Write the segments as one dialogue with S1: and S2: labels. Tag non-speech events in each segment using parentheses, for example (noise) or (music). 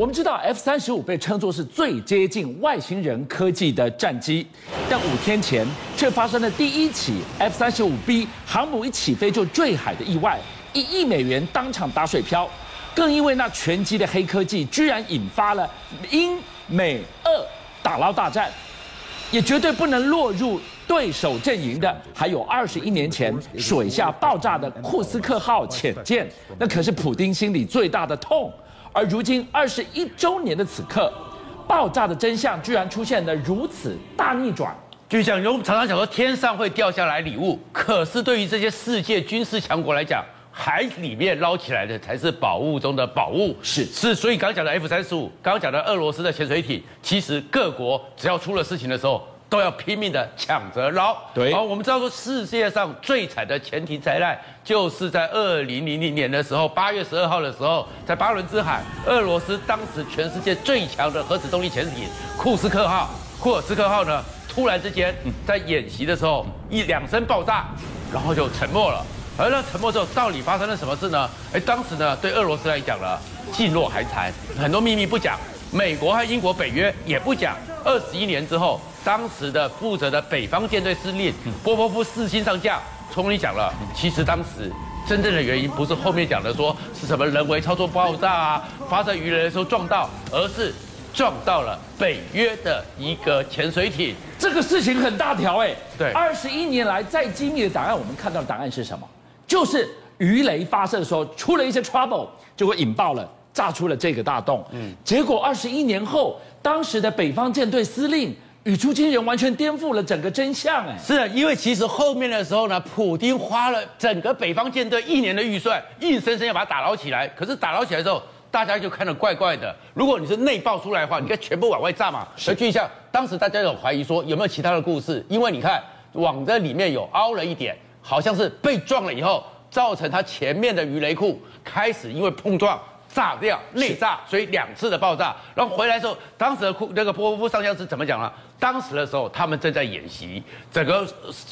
S1: 我們知道 F 三十五被稱作是最接近外星人科技的戰機，但五天前卻發生了第一起 F 三十五 B 航母一起飛就墜海的意外，一億美元當場打水漂。更因為那全機的黑科技，居然引發了英美俄打撈大戰。也絕對不能落入對手陣營的，還有二十一年前水下爆炸的庫斯克號潛艦，那可是普丁心裡最大的痛。而如今二十一週年的此刻，爆炸的真相居然出現了如此大逆轉。
S2: 就像我們常常講說天上會掉下來禮物，可是對於這些世界軍事強國來講，海裡面撈起來的才是寶物中的寶物。是是，所以剛講的 F 三十五，剛講的俄羅斯的潛水艇，其實各國只要出了事情的時候。都要拼命的搶着撈。對，好，我們知道說世界上最慘的潛艇災難，就是在二零零零年的時候，八月十二號的時候，在巴倫支海，俄羅斯當時全世界最強的核子動力潛艇庫斯克號，庫爾斯克號呢，突然之間在演習的時候一兩聲爆炸，然後就沉沒了。而那沉沒之後，到底發生了什麼事呢？哎，當時呢，對俄羅斯來講呢，噤若寒蟬，很多秘密不講，美國和英國北約也不講。二十一年之後。當時的負責的北方艦隊司令波波夫四星上將，從你講了，其實當時真正的原因不是後面講的說是什麼人為操作爆炸啊，發射魚雷的時候撞到，而是撞到了北約的一個潛水艇。嗯、這個事情很大條哎、欸，對，
S1: 二十一年來再機密的檔案，我們看到的檔案是什麼？就是魚雷發射的時候出了一些 trouble，就會引爆了，炸出了這個大洞。嗯，結果二十一年後，當時的北方艦隊司令。語出驚人，完全顛
S2: 覆了整個真相。誒是，因為其實後面的時候呢，普丁花了整個北方艦隊一年的預算，硬生生要把它打撈起來。可是打撈起來之後，大家就看着怪怪的。如果你是內爆出來的話，你該全部往外炸嘛。是而就像，當時大家有懷疑說有沒有其他的故事，因為你看網的裡面有凹了一點，好像是被撞了以後，造成它前面的魚雷庫開始因為碰撞。炸掉，內炸，所以兩次的爆炸，然後回來的時候，當時的庫那個波波夫上將是怎麼講呢？當時的時候，他們正在演習，整個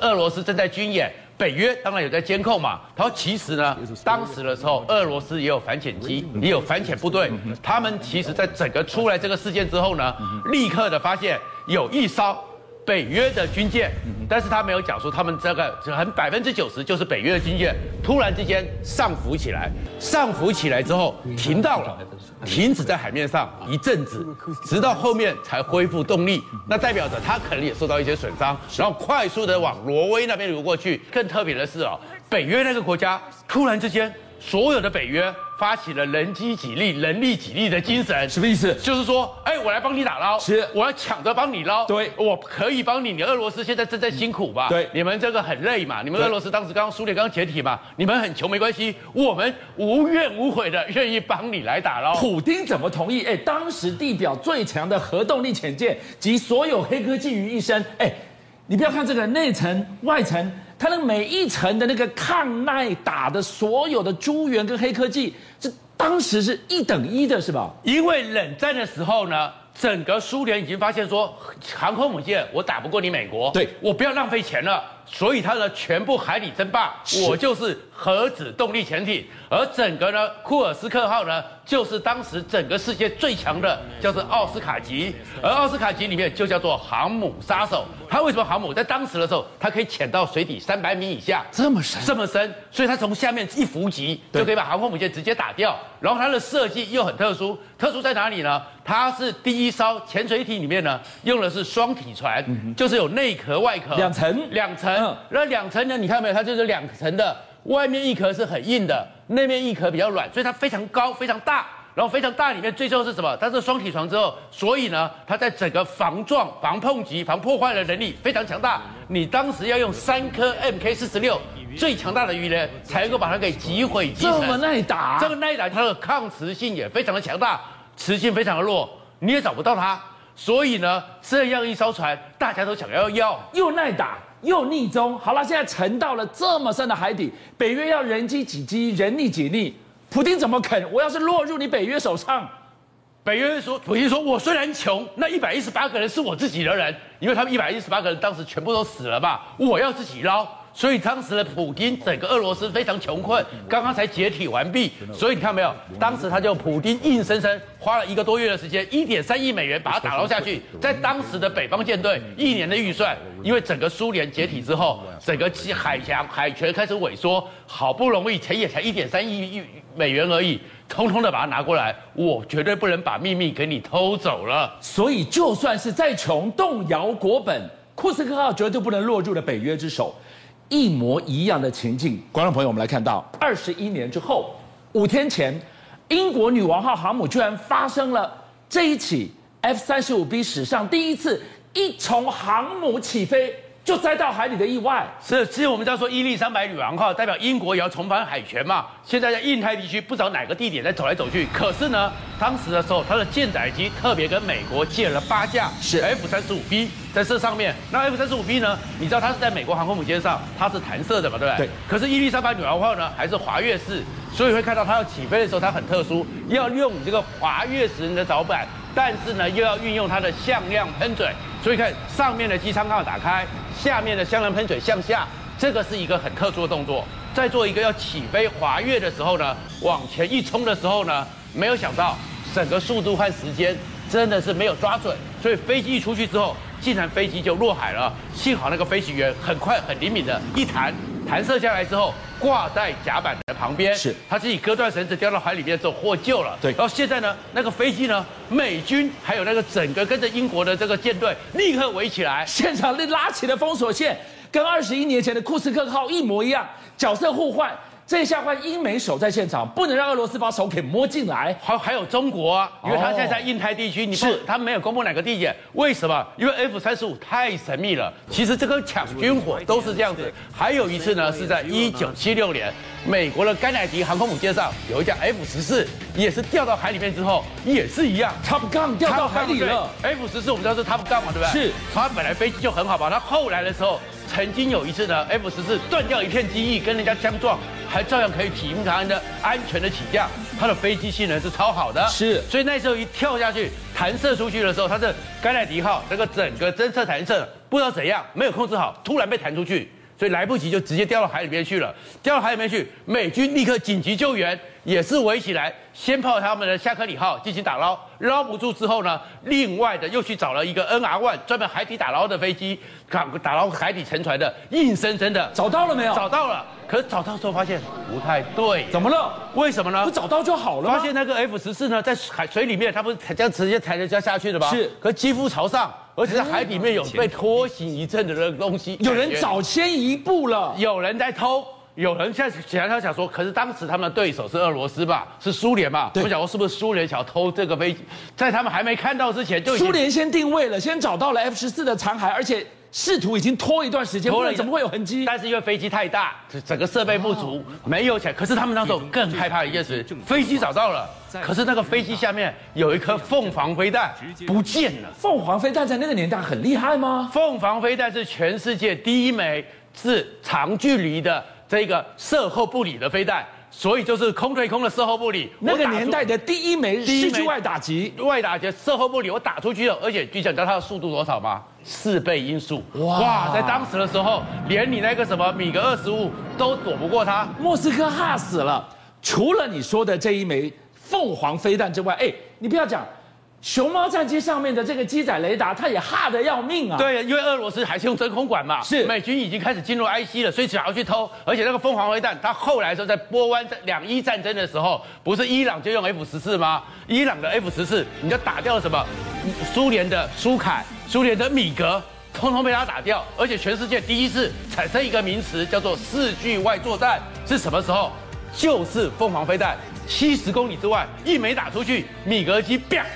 S2: 俄羅斯正在軍演，北約當然有在監控嘛。他說，其實呢，當時的時候，俄羅斯也有反潛機，也有反潛部隊，他們其實在整個出來這個事件之後呢，立刻的發現有一艘。北約的軍艦，但是他沒有講說他們這個很百分之九十就是北約的軍艦，突然之間上浮起來，上浮起來之後停到了，停止在海面上一陣子，直到後面才恢復動力，那代表着他可能也受到一些損傷，然後快速的往挪威那邊游過去。更特別的是啊，北約那個國家突然之間。所有的北約發起了人機幾力，人力幾力的精神、嗯，什麼意思？就是說，哎，我來幫你打撈，是我要搶着幫你撈，對，我可以幫你。你俄羅斯現在正在辛苦吧？嗯、對，你們這個很累嘛，你們俄羅斯當時剛剛對蘇聯剛解體嘛，你們很窮沒關係，我們無怨無悔的願意幫你來打撈。普丁怎麼同意？
S1: 哎，當時地表最強的核動力潛艦集所有黑科技於一身，哎。你不要看這個內層、外層，它的每一層的那個抗耐打
S2: 的所有的諸元跟黑科技，是當時是一等一的，是吧？因為冷戰的時候呢，整個蘇聯已經發現說，航空母艦我打不過你美國，對，我不要浪費錢了。所以它的全部海底爭霸，是我就是核子動力潛艇，而整個呢庫爾斯克號呢，就是當時整個世界最強的，對叫做奧斯卡級，對而奧斯卡級裡面就叫做航母殺手。它對為什麼航母？在當時的時候，它可以潛到水底三百米以下，這麼深，這麼深，所以它從下面一伏擊就可以把航空母艦直接打掉。對然後它的設計又很特殊，特殊在哪裡呢？它是第一艘潛水艇裡面呢用的是雙體船，嗯、哼就是有內殼、外殼兩層，兩層。那兩層呢？你看到沒有？它就是兩層的，外面一殼是很硬的，內面一殼比較軟，所以它非常高，非常大，然後非常大裡面最重要是什麼？它是雙體床之後，所以呢，它在整個防撞、防碰擊、防破壞的能力非常強大。你當時要用三顆 MK 四十六最強大的魚雷，才能夠把它給擊毀擊毀，這麼耐打？這個耐打，它的抗磁性也非常的強大，磁性非常的弱，你也找不到它。所以呢，這樣一艘船，大家都想要要，又耐打又匿蹤。好了，現在沉到了這麼深的海底，北約要人
S1: 機幾機，人力幾力，普丁怎麼肯？我要是落入你北約手上，
S2: 北約說，普丁說，我雖然窮，那一百一十八個人是我自己的人，因為他們一百一十八個人當時全部都死了嘛，我要自己撈。所以當時的普丁，整個俄羅斯非常窮困，剛剛才解體完畢。所以你看沒有，當時他就普丁硬生生花了一個多月的時間，一點三億美元把它打撈下去。在當時的北方艦隊一年的預算，因為整個蘇聯解體之後，整個海峽海權開始萎縮，好不容易錢也才一點三億億美元而已，通通的把它拿過來，我絕對不能把秘密給你偷走了。
S1: 所以就算是再窮，動搖國本，庫爾斯克號絕對不能落入了北約之手。一模一樣的情境，觀眾朋友，我們來看到二十一年之後，五天前，英國女王號航母居然發生了這一起 F 三十五 B 史上第一次一從航母起
S2: 飛。就塞到海裡的意外。是，其實我們知道說，伊麗莎白女王號代表英國也要重返海權嘛。現在在印太地區，不知道哪個地點在走來走去。可是呢，當時的時候，它的艦載機特別跟美國借了八架是 F 三十五 B，在這上面。是那 F 三十五 B 呢，你知道它是在美國航空母艦上，它是彈射的嘛，對不對？對。對，可是伊麗莎白女王號呢，還是滑躍式，所以會看到它要起飛的時候，它很特殊，要用你這個滑躍式的導板。但是呢，又要運用它的向量噴嘴，所以看上面的機艙蓋打開，下面的向量噴嘴向下，這個是一個很特殊的動作。在做一個要起飛滑躍的時候呢，往前一衝的時候呢，沒有想到整個速度和時間真的是沒有抓準，所以飛機一出去之後，竟然飛機就落海了。幸好那個飛行員很快很靈敏的一彈。彈射下來之後，掛在甲板的旁邊，是他自己割斷繩子掉到海裡面之後獲救了。對，然後現在呢，那個飛機呢，美軍還有那個整個跟着英國的這個艦隊立刻圍起來，現場那拉
S1: 起了封鎖線，跟二十一年前的庫斯克號一模一樣，角色互換。這一
S2: 下換英美手在現場，不能讓俄羅斯把手給摸進來。還還有中國、啊，因為他現在在印太地區，你看他沒有公布哪個地點？為什麼？因為 F 三十五太神秘了。其實這個搶軍火都是這樣子。還有一次呢，是在一九七六年，美國的甘乃迪航空母艦上有一架 F 十四，也是掉到海裡面之後，也是一樣，Top Gun 掉到海裡了。F 十四，我們知道是 Top Gun 嘛，對不對？是他本來飛機就很好嘛，他後來的時候，曾經有一次呢，F 十四斷掉一片機翼，跟人家相撞。還照樣可以平常的、安全的起降，它的飛機性能是超好的。是，所以那時候一跳下去、彈射出去的時候，它的“甘迺迪號”那個整個偵測彈射不知道怎樣，沒有控制好，突然被彈出去，所以來不及就直接掉到海裡面去了。掉到海裡面去，美軍立刻緊急救援。也是圍起來，先泡他們的夏克里號進行打撈，撈不住之後呢，另外的又去找了一個 NR1 專門海底打撈的飛機，打打撈海底沉船的，硬生生的找到了沒有？找到了，可是找到時候發現不太對啊。怎麼了？為什麼呢？不找到就好了嗎？發現那個 F14 呢，在海水裡面，它不是才這樣直接抬着這樣下去的嗎？是。可是機腹朝上，而且在海裡面有被拖行一陣的那個東西。有人早先一步了，有人在偷。有人現在其他他想說，可是當時他們的對手是俄羅斯吧，是蘇聯吧？對我想說是不是蘇聯想要偷這個飛機，在他們還沒看到之前就蘇聯
S1: 先定位了，先找到了 F 十四的殘骸，而且試
S2: 圖已經拖一段時間，不然怎麼會有痕跡？但是因為飛機太大，整個設備不足，哦、沒有錢。可是他們那時候更害怕的一件事：飛機找到了，可是那個飛機下面有一顆鳳凰飛彈不
S1: 見了。鳳凰飛彈在那個年代
S2: 很厲害嗎？鳳凰飛彈是全世界第一枚是長距離的。這一個射後不理的飛彈，所以就是空對空的射後不理。那個年代的第一枚視距外打擊，外打擊射後不理，我打出去了，而且你想知道它的速度多少嗎？四倍音速！哇,哇，在當時的時候，連你那個什麼米格二十五都躲不過它，莫斯科
S1: 嚇死了。除了你說的這一枚鳳凰飛彈之外，哎，你不要講。熊貓戰機上面的這個機載雷達，它也哈得要命啊！
S2: 對，因為俄羅斯還是用真空管嘛。是，美軍已經開始進入埃及了，所以想要去偷。而且那個鳳凰飛彈，它後來時候在波灣兩伊戰爭的時候，不是伊朗就用 F 十四嗎？伊朗的 F 十四你就打掉了什麼？蘇聯的蘇愷、蘇聯的米格，通通被它打掉。而且全世界第一次產生一個名詞叫做“視距外作戰”，是什麼時候？就是鳳凰飛彈，七十公里之外一枚打出去，米格機啪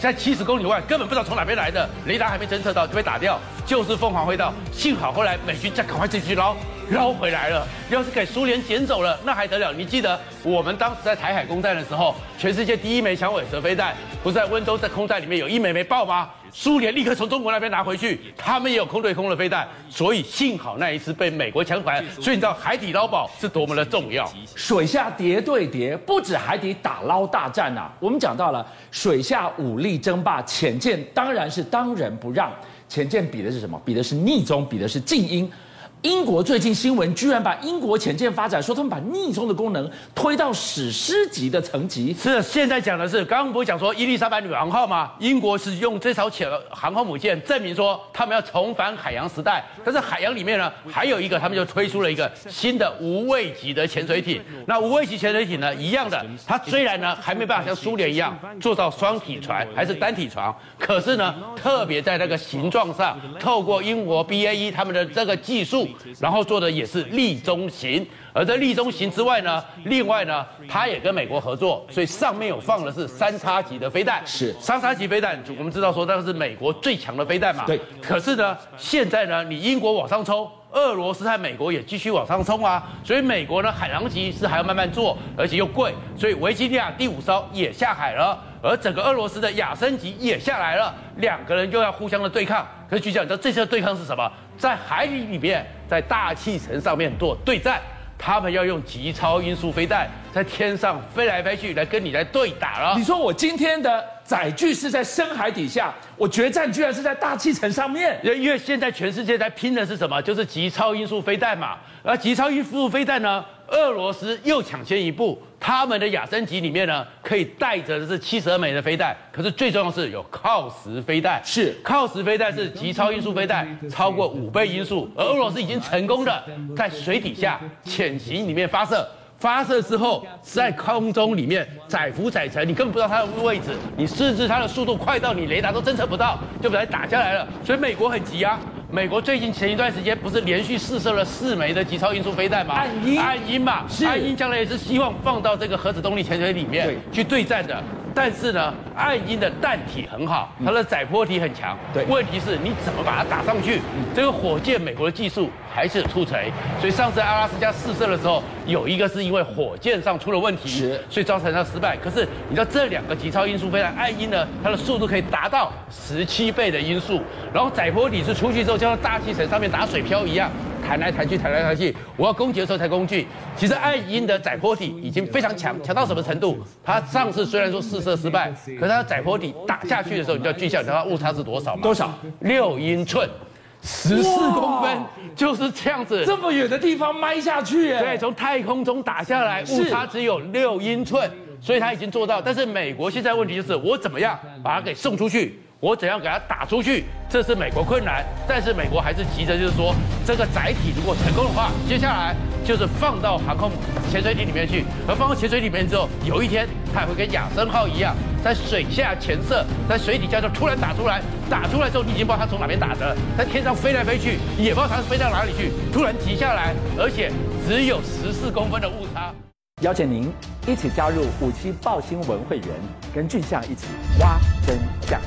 S2: 在七十公里外，根本不知道從哪邊來的，雷達還沒偵測到就被打掉，就是鳳凰飛彈，幸好後來美軍再趕快進去撈，撈回來了。要是給蘇聯撿走了，那還得了？你記得我們當時在台海空戰的時候，全世界第一枚響尾蛇飛彈，不是在溫州在空戰裡面有一枚沒爆嗎？蘇聯立刻從中國那邊拿回去，他們也有空對空的飛彈，所以幸好那一次被美國搶回。所以你知道海底撈寶是多麼的重要，
S1: 水下諜對諜不止海底打撈大戰吶、啊。我們講到了水下武力爭霸，潛艦當然是當仁不讓。潛艦比的是什麼？比的是匿蹤，比的是靜音。英國最近新聞居然把英國潛艦發展說他們把逆衝的
S2: 功能推到史詩級的層級。是現在講的是，剛剛不是講說伊麗莎白女王號嗎？英國是用這艘潛航空母艦證明說他們要重返海洋時代。但是海洋裡面呢，還有一個他們就推出了一個新的無畏級的潛水艇。那無畏級潛水艇呢，一樣的，它雖然呢還沒辦法像蘇聯一樣做到雙體船，還是單體船，可是呢，特別在那個形狀上，透過英國 BAE 他們的這個技術。然後做的也是力中型，而在力中型之外呢，另外呢，它也跟美國合作，所以上面有放的是三叉戟的飛彈，是三叉戟飛彈，我們知道說那是美國最強的飛彈嘛，對。可是呢，現在呢，你英國往上衝，俄羅斯和美國也繼續往上衝啊，所以美國呢，海狼級是還要慢慢做，而且又貴，所以維吉尼亞第五艘也下海了，而整個俄羅斯的亞森級也下來了，兩個人就要互相的對抗。可局長，你知道這次的對抗是什麼？在海域裡，裡面，在大氣層上面做對戰，他們要用極超音速飛彈在天上飛來飛去，來跟你來對打了。你說我今天的載具是在深海底下，我決戰居然是在大氣層上面。因為現在全世界在拼的是什麼？就是極超音速飛彈嘛。而極超音速飛彈呢，俄羅斯又搶先一步。他們的亞森級裡面呢，可以帶着的是七十二枚的飛彈，可是最重要的是有鋯石飛彈，是鋯石飛彈是極超音速飛彈，超過五倍音速。而俄羅斯已經成功的在水底下潛行裡面發射，發射之後在空中裡面載浮載沉，你根本不知道它的位置，你甚至它的速度快到你雷達都偵測不到，就把它打下來了。所以美國很急啊。美國最近前一段時間不是連續試射了四枚的極超音速飛彈嗎？暗鷹， (noise) 暗鷹嘛，是暗鷹，將來也是希望放到這個核子動力潛水裡面對去對戰的。但是呢，暗鷹的彈體很好，它的載波體很強、嗯。對，問題是你怎麼把它打上去？這個火箭，美國的技術還是出槌。所以上次阿拉斯加試射的時候，有一個是因為火箭上出了問題，是，所以造成它失敗。是，可是你知道這兩個極超音速飛彈，暗鷹呢，它的速度可以達到十七倍的音速，然後載波體是出去之後，就像大氣層上面打水漂一樣。彈來彈去，彈來彈去，我要攻擊的時候才攻擊。其實愛因的載波體已經非常強，強到什麼程度？他上次雖然說試射失敗，可是他載波體打下去的時候，你知道具象，你知道他的誤差是多少嗎？多少？六英寸，十四公分，哇就是這樣子。這麼遠的地方埋下去？對，從太空中打下來，誤差只有六英寸，是所以他已經做到。但是美國現在問題就是，我怎麼樣把它給送出去？我怎樣給它打出去？這是美國困難，但是美國還是急着，就是說這個載體如果成功的話，接下來就是放到航空潛水艇裡面去，而放到潛水艇裡面之後，有一天它還會跟亞森號一樣，在水下潛射，在水底下就突然打出來，打出來之後你已經不知道它從哪邊打的，在天上飛來飛去，也不知道它是飛到哪裡去，突然急下來，而且只有十四公分的誤差。
S1: 邀請您一起加入五七爆新聞會員，跟俊相一起挖真相。